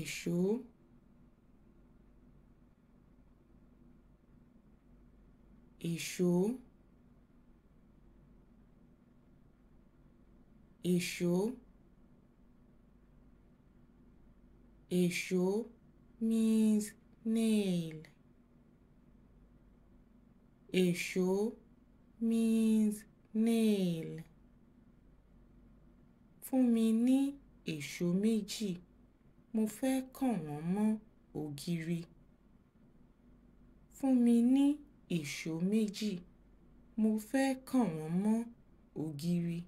èṣó èṣó èṣó èṣó means nail èṣó means nail fún mi ni èṣó méjì mo fẹ́ kàn wọ́n mọ́ ògiri fún mi ní ìṣó méjì mo fẹ́ kàn wọ́n mọ́ ògiri